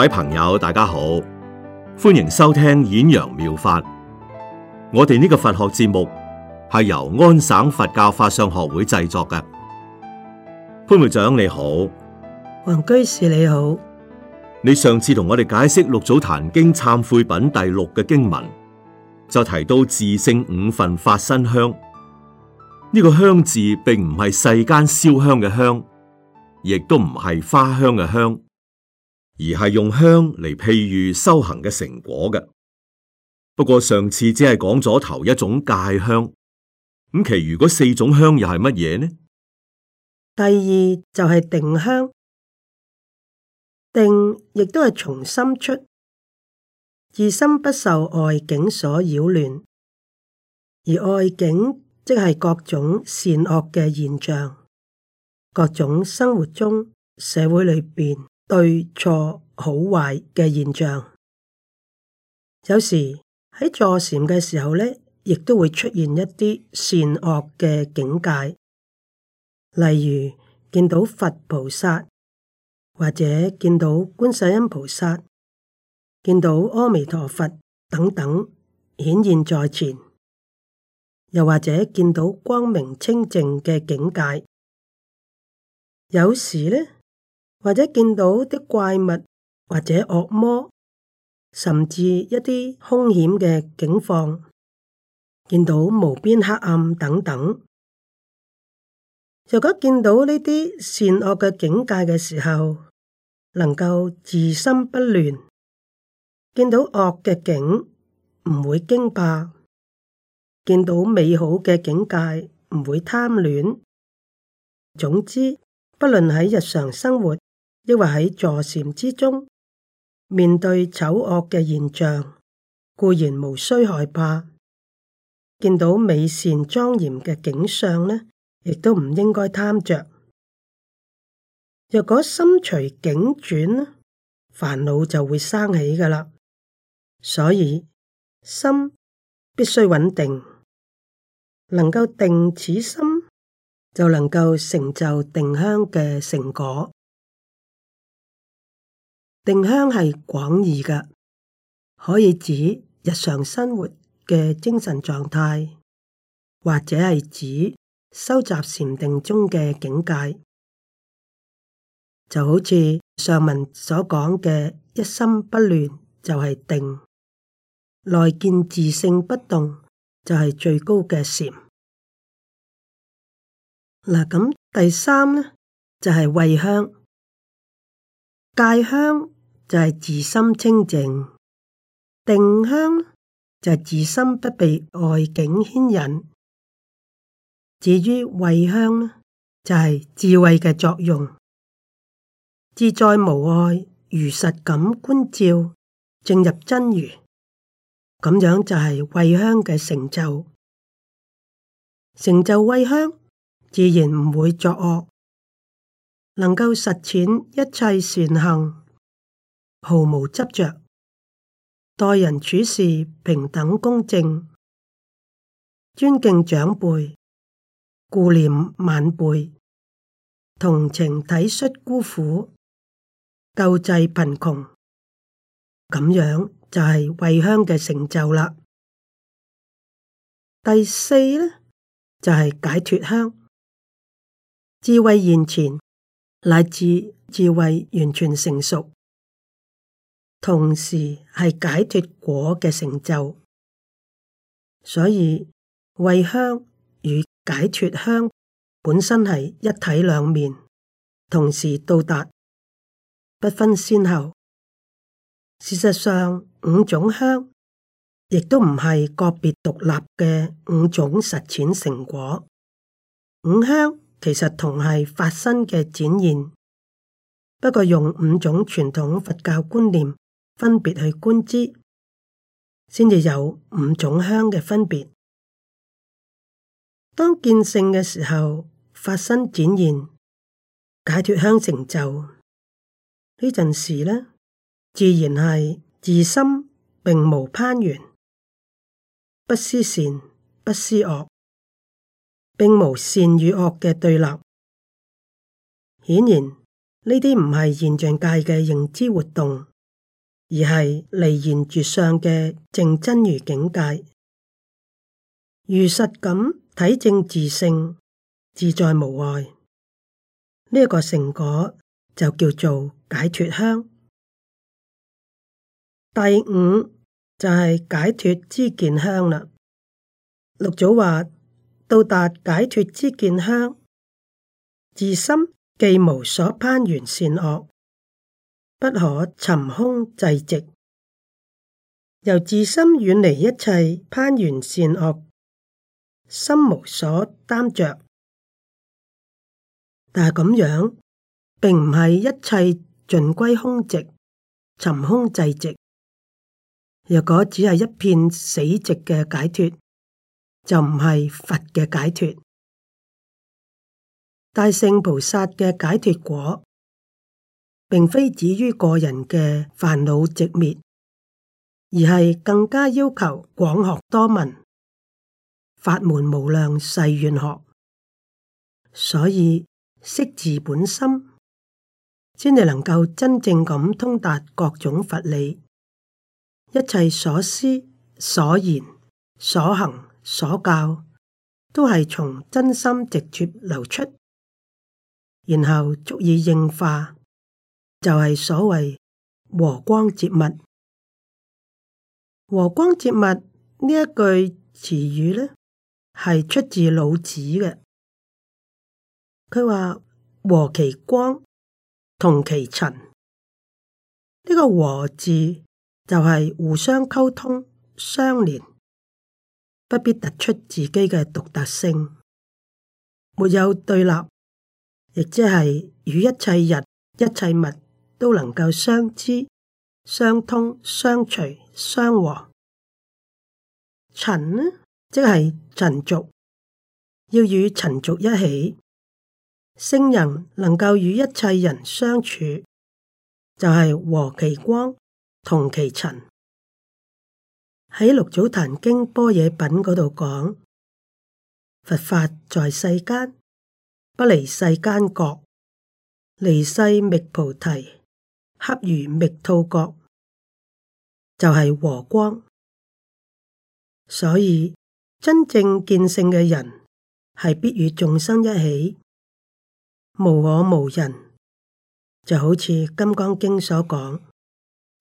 各位朋友，大家好，歡迎收聽演揚妙，妙法。我哋呢個佛學節目係由安省佛教法相學會製作嘅。潘會長你好，黃居士你好。你上次同我哋解釋六祖壇經懺悔品第六嘅經文，就提到自性五分法身香。呢、這個香字並唔係世間燒香嘅香，亦都唔係花香嘅香。而係用香嚟譬喻修行嘅成果嘅。不過上次只係講咗頭一種戒香，咁其餘嗰四種香又係乜嘢呢？第二就係定香，定亦都係從心出，自心不受外境所擾亂，而外境即係各種善惡嘅現象，各種生活中，社會裏邊。對錯好壞嘅現象，有時喺坐禪嘅時候咧，亦都會出現一啲善惡嘅境界，例如見到佛菩薩，或者見到觀世音菩薩，見到阿彌陀佛等等顯現在前，又或者見到光明清淨嘅境界，有時咧。或者見到啲怪物或者惡魔，甚至一啲凶險嘅境況，見到無邊黑暗等等。如果見到呢啲善惡嘅境界嘅時候，能夠自心不亂，見到惡嘅境唔會驚怕，見到美好嘅境界唔會貪戀。總之，不論喺日常生活。因為喺坐禪之中，面對醜惡嘅現象，固然無需害怕；見到美善莊嚴嘅景象呢，亦都唔應該貪着。若果心隨境轉，煩惱就會生起㗎喇。所以心必須穩定，能夠定此心，就能夠成就定香嘅成果。定香係廣義嘅，可以指日常生活嘅精神狀態，或者係指修習禪定中嘅境界。就好似上文所講嘅，一心不亂就係定，內見自性不動就係最高嘅禪。嗱，咁第三呢，就係、是、慧香。戒香就係自心清淨，定香就係自心不被外境牽引。至於慧香就係智慧嘅作用，自在無礙，如實咁觀照，正入真如，咁樣就係慧香嘅成就。成就慧香，自然唔會作惡。能夠實踐一切善行，毫無執着，待人處事平等公正，尊敬長輩，顧念晚輩，同情體恤孤苦，救濟貧窮，咁樣就係惠鄉嘅成就啦。第四咧就係、是、解脫鄉，智慧現前，乃至智慧完全成熟，同時係解脫果嘅成就，所以慧香與解脫香本身係一體兩面，同時到達，不分先後。事實上，五種香亦都唔係個別獨立嘅五種實踐成果。五香。其實同係法身嘅展現，不過用五種傳統佛教觀念分別去觀之，先至有五種香嘅分別。當見性嘅時候，法身展現解脫香成就呢陣時咧，自然係自心並無攀緣，不思善，不思惡。並無善與惡嘅對立，顯然呢啲唔係現象界嘅認知活動，而係離言絕相嘅淨真如境界，如實咁體證自性自在無礙，呢、這、一個成果就叫做解脫香。第五就係、是、解脫之見香啦。六祖話。到達解脫知見香，自心既無所攀緣善惡，不可沉空滯寂；由自心遠離一切攀緣善惡，心無所擔着。但係咁樣，並唔係一切盡歸空寂，沉空滯寂，若果只係一片死寂嘅解脱。就唔係佛嘅解脫，大聖菩薩嘅解脫果，並非止於個人嘅煩惱寂滅，而係更加要求廣學多聞，法門無量誓願學。所以識自本心，先至能夠真正咁通達各種佛理，一切所思、所言、所行。所教都係從真心，直接流出，然後足以應化，就係、是、所謂和光接物。和光接物呢一句詞語呢，係出自老子嘅。佢話和其光，同其塵。呢、這個和字就係互相溝通、相連。不必突出自己嘅獨特性，沒有對立，亦即係與一切人、一切物都能夠相知、相通、相隨、相和。塵呢，即係塵俗，要與塵俗一起，聖人能夠與一切人相處，就係、是、和其光，同其塵。喺六祖壇經般若品嗰度講，佛法在世間，不離世間覺；離世覓菩提，恰如覓兔角，就係、是、和光。所以真正見性嘅人，係必與眾生一起，無我無人，就好似金剛經所講。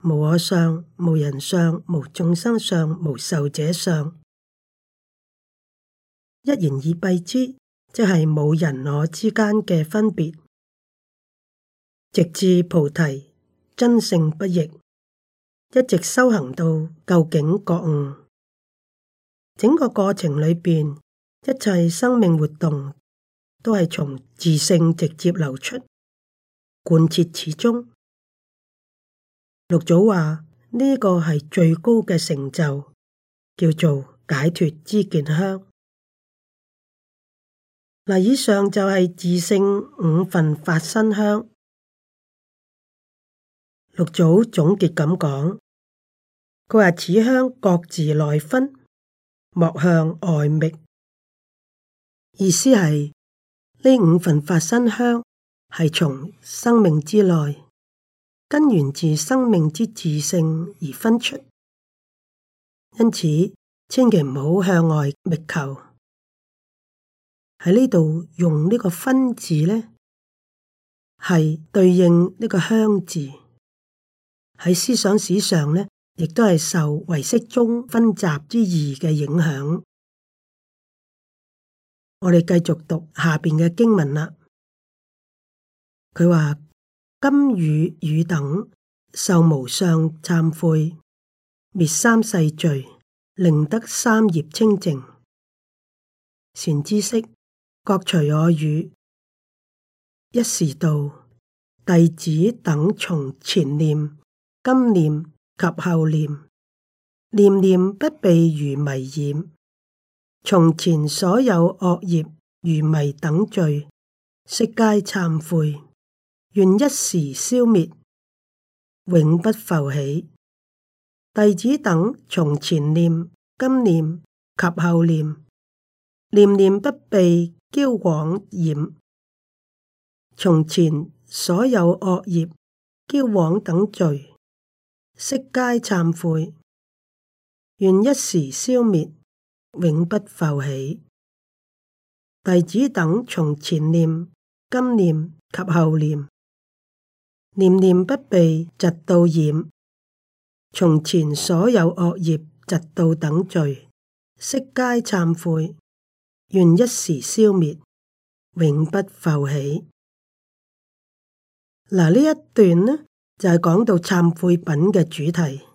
無我相，無人相，無眾生相，無壽者相。一言以蔽之，即係冇人我之間嘅分別，直至菩提真性不易。一直修行到究竟覺悟，整個過程裏邊，一切生命活動都係從自性直接流出，貫徹始終。六祖話：呢、這個係最高嘅成就，叫做解脱知見香。嗱，以上就係自性五分法身香。六祖總結咁講，佢話此香各自內分，莫向外覓。意思係呢五分法身香係從生命之內。根源自生命之自性而分出，因此千祈唔好向外覓求。喺呢度用呢個分字咧，係對應呢個鄉字。喺思想史上咧，亦都係受唯識宗「分集」之義嘅影響。我哋繼續讀下邊嘅經文啦。佢話。今與汝等授無相懺悔，滅三世罪，令得三業清淨。善知識，各隨我語，一時道弟子等從前念、今念及後念，念念不被愚迷染，從前所有惡業愚迷等罪，悉皆懺悔。願一時消滅，永不浮起。弟子等從前念、今念及後念，念念不被驕妄染。從前所有惡業、驕妄等罪，悉皆懺悔。願一時消滅，永不浮起。弟子等從前念、今念及後念。念念不被，習到染，從前所有惡業，習到等罪，悉皆懺悔，願一時消滅，永不復起。嗱，呢一段呢就係講到懺悔品嘅主題。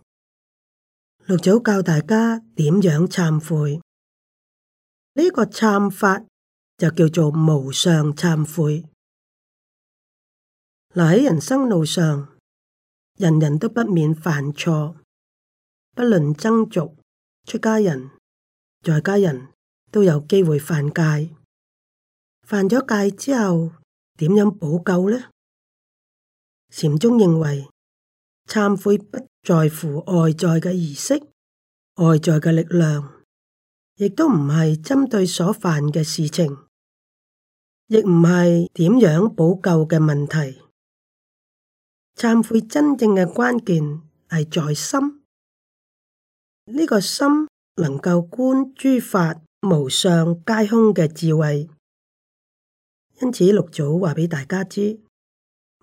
六祖教大家點樣懺悔，呢、呢個懺法就叫做無上懺悔。嗱，喺人生路上，人人都不免犯錯，不論僧俗、出家人、在家人，都有機會犯戒。犯咗戒之後，點樣補救呢？禪宗認為，懺悔不在乎外在嘅儀式、外在嘅力量，亦都唔係針對所犯嘅事情，亦唔係點樣補救嘅問題。懺悔真正嘅關鍵係在心，呢個心能夠觀諸法無上皆空嘅智慧，因此六祖話畀大家知，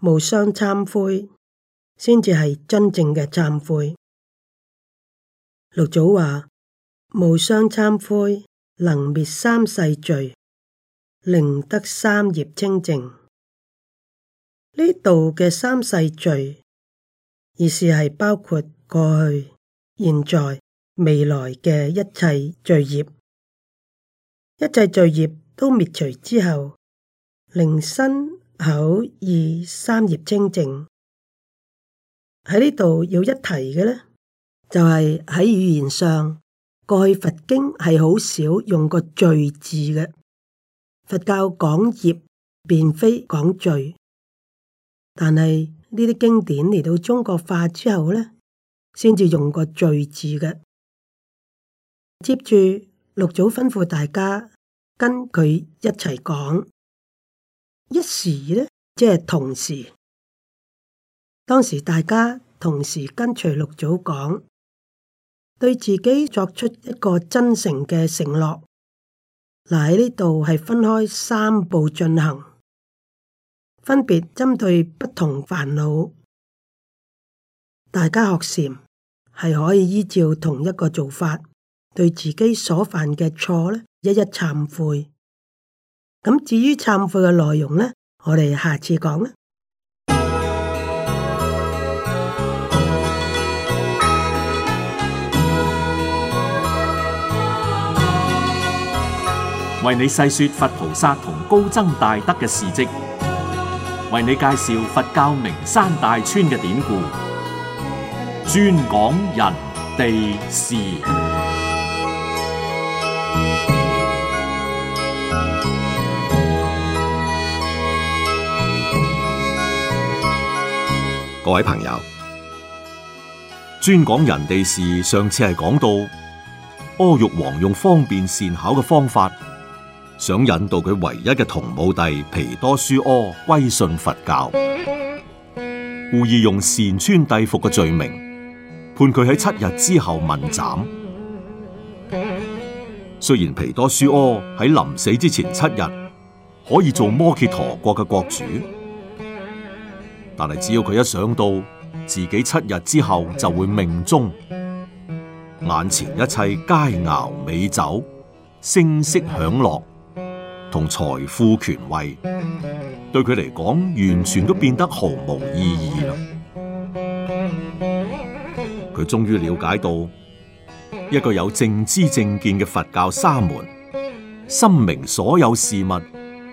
無相懺悔先至係真正嘅懺悔。六祖話：無相懺悔，能滅三世罪，令得三業清淨。呢度嘅三世罪，意思係包括過去、現在、未來嘅一切罪業。一切罪業都滅除之後，令身口意三業清淨。喺呢度要一提嘅咧，就係喺語言上，過去佛經係好少用個罪字嘅。佛教講業，便非講罪。但係呢啲經典嚟到中國化之後咧，先至用個序字嘅。接住六祖吩咐大家跟佢一齊講，一時咧即係同時，當時大家同時跟隨六祖講，對自己作出一個真誠嘅承諾。嗱喺呢度係分開三步進行。分別針對不同煩惱，大家學禪係可以依照同一個做法，對自己所犯嘅錯呢，一一懺悔。咁至於懺悔嘅內容呢，我哋下次講啦。為你細說佛菩薩同高僧大德嘅事跡。為你介紹佛教名山大川嘅典故，專講人地事。各位朋友，專講人地事，上次係講到阿育王用方便善巧嘅方法。想引導佢唯一嘅同母弟皮多舒柯歸信佛教，故意用擅穿帝服嘅罪名判佢喺七日之後問斬。雖然皮多舒柯喺臨死之前七日可以做摩羯陀國嘅國主，但係只要佢一想到自己七日之後就會命終，眼前一切佳肴美酒、聲色享樂。同財富權位對佢嚟講完全都變得毫無意義啦。佢終於了解到，一個有正知正見嘅佛教沙門，深明所有事物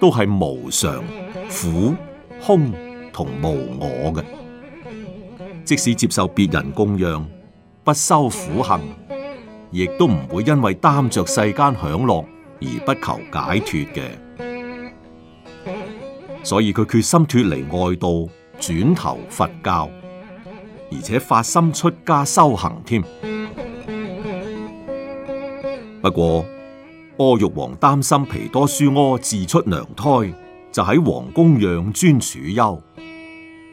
都係無常、苦、空同無我嘅。即使接受別人供養，不修苦行，亦都唔會因為擔着世間享樂。而不求解脫嘅，所以佢決心脫離外道，轉投佛教，而且發心出家修行添。 不過阿育王擔心皮多樹柯自出娘胎，就喺皇宮養尊處優，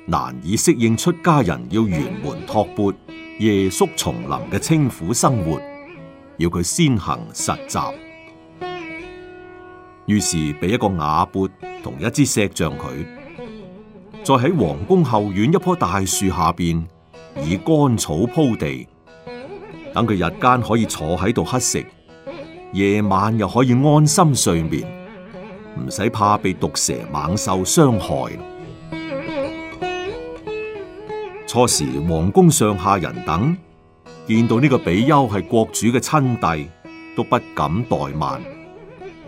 難以適應出家人要圓門托缽、夜宿叢林嘅清苦生活，要佢先行實習。於是俾一個瓦缽同一支石杖佢，再喺皇宮後院一棵大樹下邊以乾草鋪地，等佢日間可以坐喺度乞食，夜晚又可以安心睡眠，唔使怕被毒蛇猛獸傷害。初時皇宮上下人等見到呢個比丘係國主嘅親弟，都不敢怠慢。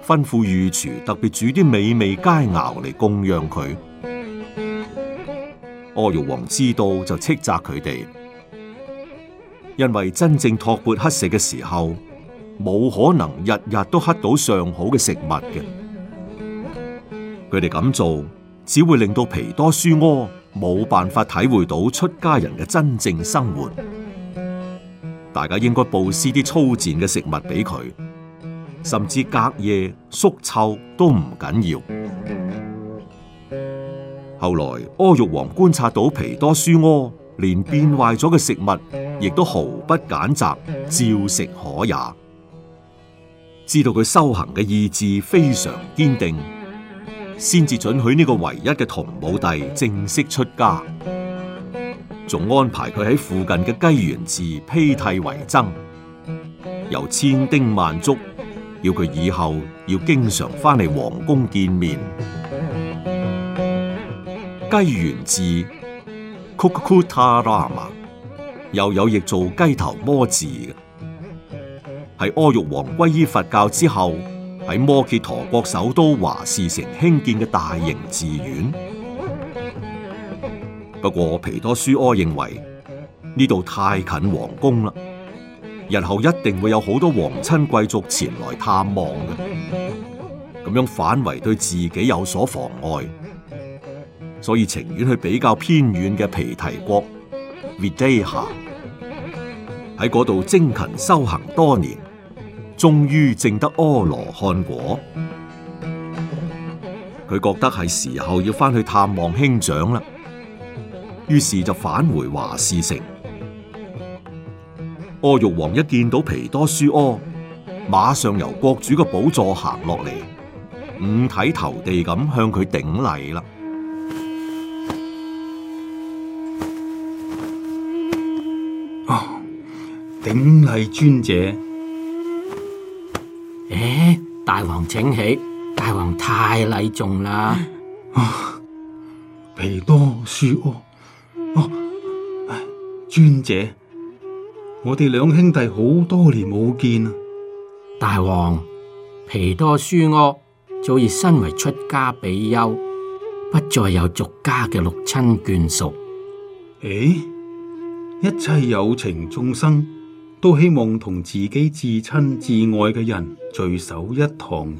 吩咐御廚特別煮啲美味佳肴嚟供養佢。阿育王知道就斥責佢哋，因為真正托缽乞食嘅時候，冇可能日日都乞到上好嘅食物嘅。佢哋咁做只會令到皮多書屙，冇辦法體會到出家人嘅真正生活。大家應該布施啲粗賤嘅食物俾佢。甚至隔夜餿臭都唔緊要。後來柯玉皇觀察到皮多書柯連變壞咗嘅食物，亦都毫不揀擇，照食可也。知道佢修行嘅意志非常堅定，先至准許呢個唯一嘅同母弟正式出家，仲安排佢喺附近嘅雞園寺披剃為僧，由千叮萬囑。要佢以後要經常翻嚟皇宮見面。雞園寺 （Kukutarama） 又有譯做雞頭摩寺嘅，係阿育王皈依佛教之後喺摩揭陀國首都華氏城興建嘅大型寺院。不過皮多舒柯認為呢度太近皇宮啦。日後一定會有好多皇親貴族前來探望嘅，咁樣反為對自己有所妨礙，所以情願去比較偏遠嘅皮提國 Videha 喺嗰度精勤修行多年，終於證得阿羅漢果。佢覺得係時候要翻去探望兄長啦，於是就返回華氏城。柯、哦、玉王一見到皮多書柯、啊，馬上由國主個寶座行落嚟，五體投地咁向佢頂禮啦！啊、哦，頂禮尊者！誒、欸，大王請起，大王太禮重啦、哦！皮多書柯、啊哦，尊者。我哋兩兄弟好多年冇見，啊，大王，皮多書惡早已身為出家比丘，不再有俗家嘅六親眷屬。誒、哎，一切有情眾生都希望同自己至親至愛嘅人聚首一堂，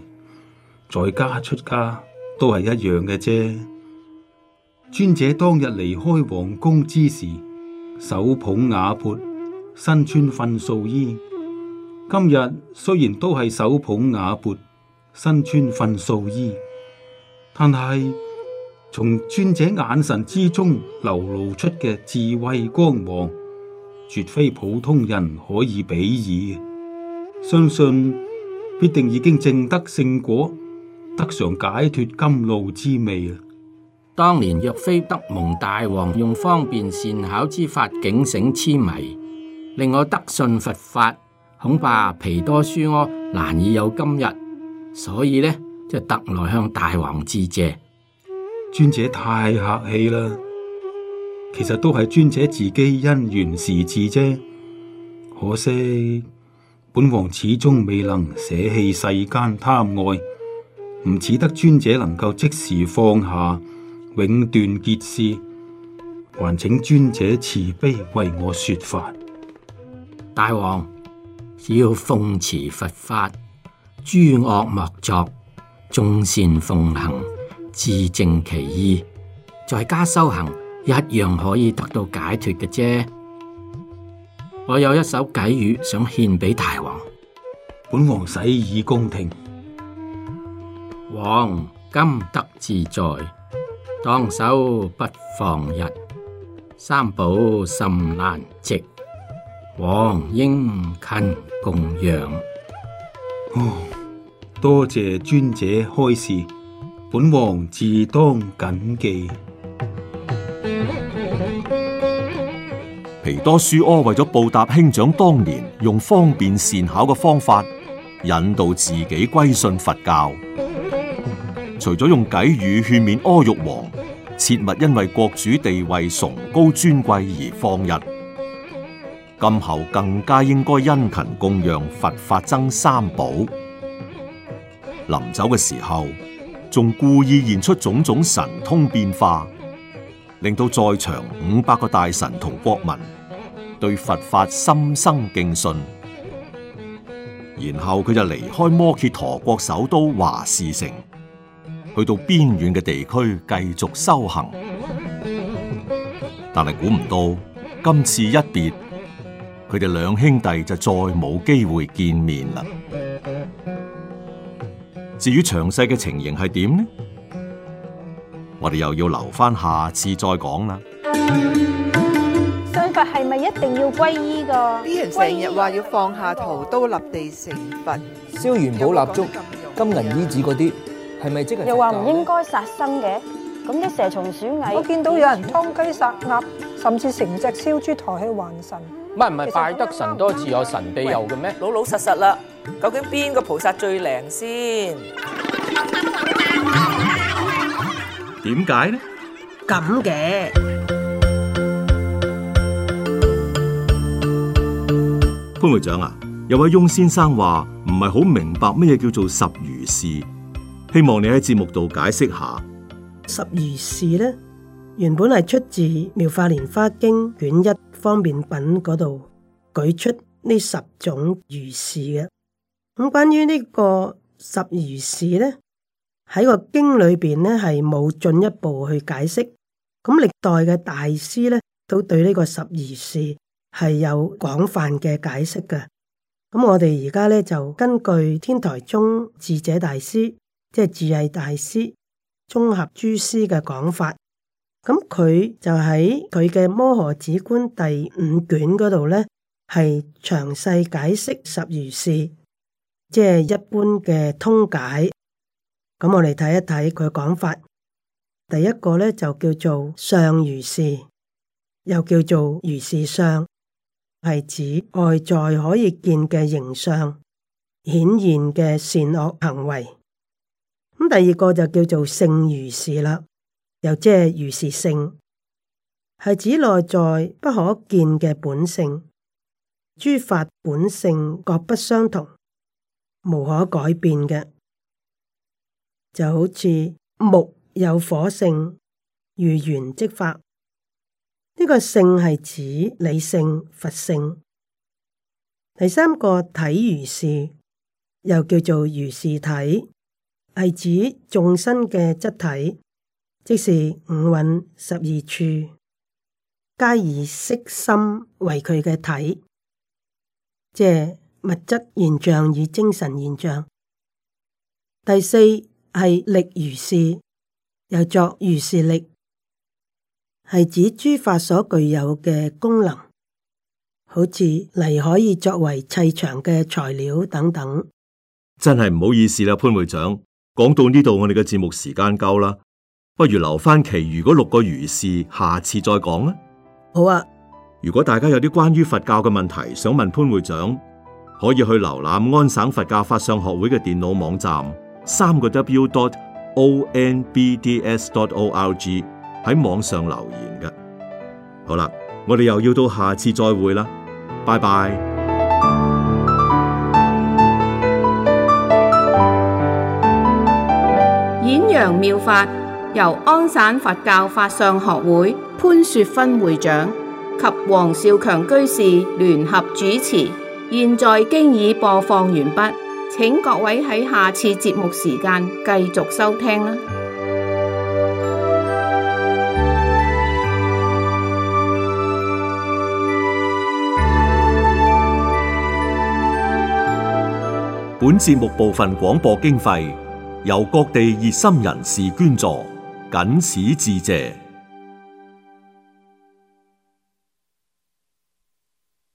在家出家都係一樣嘅啫。尊者當日離開皇宮之時，手捧瓦鉢。身穿糞掃衣，今日雖然都係手捧瓦缽，身穿糞掃衣，但係從尊者眼神之中流露出嘅智慧光芒，絕非普通人可以比擬。相信必定已經證得聖果，得嘗解脫甘露之味。當年若非得蒙大王用方便善巧之法警醒痴迷。令我得信佛法，恐怕皮多書屙難以有今日，所以呢，就特來向大王致謝。尊者太客氣啦，其實都係尊者自己因緣時至啫。可惜本王始終未能捨棄世間貪愛，唔似得尊者能夠即時放下，永斷結使，還請尊者慈悲為我說法。大王，只要奉持佛法，諸惡莫作，眾善奉行，自正其意，在家修行一樣可以得到解脫嘅啫。我有一首偈語想獻俾大王。本王洗耳恭聽。王今得自在，當守不放日，三寶甚難值，王應勤供養，哦，多謝尊者開示，本王自當謹記。皮多舒柯為咗報答兄長當年用方便善巧嘅方法引導自己歸信佛教，除咗用偈語勸勉阿育王，切勿因為國主地位崇高尊貴而放逸。今後更加應該殷勤供養佛法僧三寶。臨走嘅時候，仲故意現出種種神通變化，令到在場五百個大臣同國民對佛法心生敬信。然後佢就離開摩羯陀國首都華氏城，去到邊遠嘅地區繼續修行。但係估唔到，今次一別。佢哋兩兄弟就再冇機會見面啦。至於詳細嘅情形係點呢？我哋又要留翻下次再講啦。信佛係咪一定要皈依噶？啲人成日話要放下屠刀立地成佛，燒元寶、蠟燭、金銀衣紙嗰啲，係咪即係？又話唔應該殺生嘅，咁啲蛇蟲鼠蟻，我見到有人殺雞殺鴨，甚至成隻燒豬抬起還神。唔係唔係，拜得神多自有神庇佑嘅咩？老老實實啦，究竟邊個菩薩最靈先？點解呢？咁嘅潘會長啊，有位翁先生話唔係好明白咩嘢叫做十如是，希望你喺節目度解釋下。十如是呢，原本係出自《妙法蓮花經》卷一。方便品嗰度舉出呢十種如是嘅。咁關於呢個十如是咧，喺個經裏邊咧係冇進一步去解釋，咁歷代嘅大師咧都對呢個十如是係有廣泛嘅解釋嘅，咁我哋而家咧就根據天台宗智者大師，即係智顗大師綜合諸師嘅講法。咁佢就喺佢嘅《摩訶止觀》第五卷嗰度呢係詳細解釋十如是，即係一般嘅通解。咁我哋睇一睇佢講法。第一個呢，就叫做相如是，又叫做如是相，係指外在可以見嘅形相、顯現嘅善惡行為。咁第二個就叫做性如是啦。又即係如是性，係指內在不可見嘅本性，諸法本性各不相同，無可改變嘅，就好似木有火性，如圓即法。呢個性係指理性、佛性。第三個體如是，又叫做如是體，係指眾生嘅質體。即是五蘊十二處，皆以色心為佢嘅體，即物質現象與精神現象。第四係力如是，又作如是力，係指諸法所具有嘅功能，好似泥可以作為砌牆嘅材料等等。真係唔好意思啦，潘會長，講到呢度，我哋嘅節目時間夠啦。不如留翻其餘嗰六個如是，下次再講啦。好啊。如果大家有啲關於佛教嘅問題想問潘會長，可以去瀏覽安省佛教法相學會嘅電腦網站，三個 w.dot.o.n.b.d.s.dot.o.r.g 喺網上留言㗎。好啦，我哋又要到下次再會啦，拜拜。演揚妙法。由安省佛教法相學會潘雪芬會長及黃少強居士聯合主持，現在經已播放完畢，請各位喺下次節目時間繼續收聽啦。本節目部分廣播經費由各地熱心人士捐助。僅此致謝。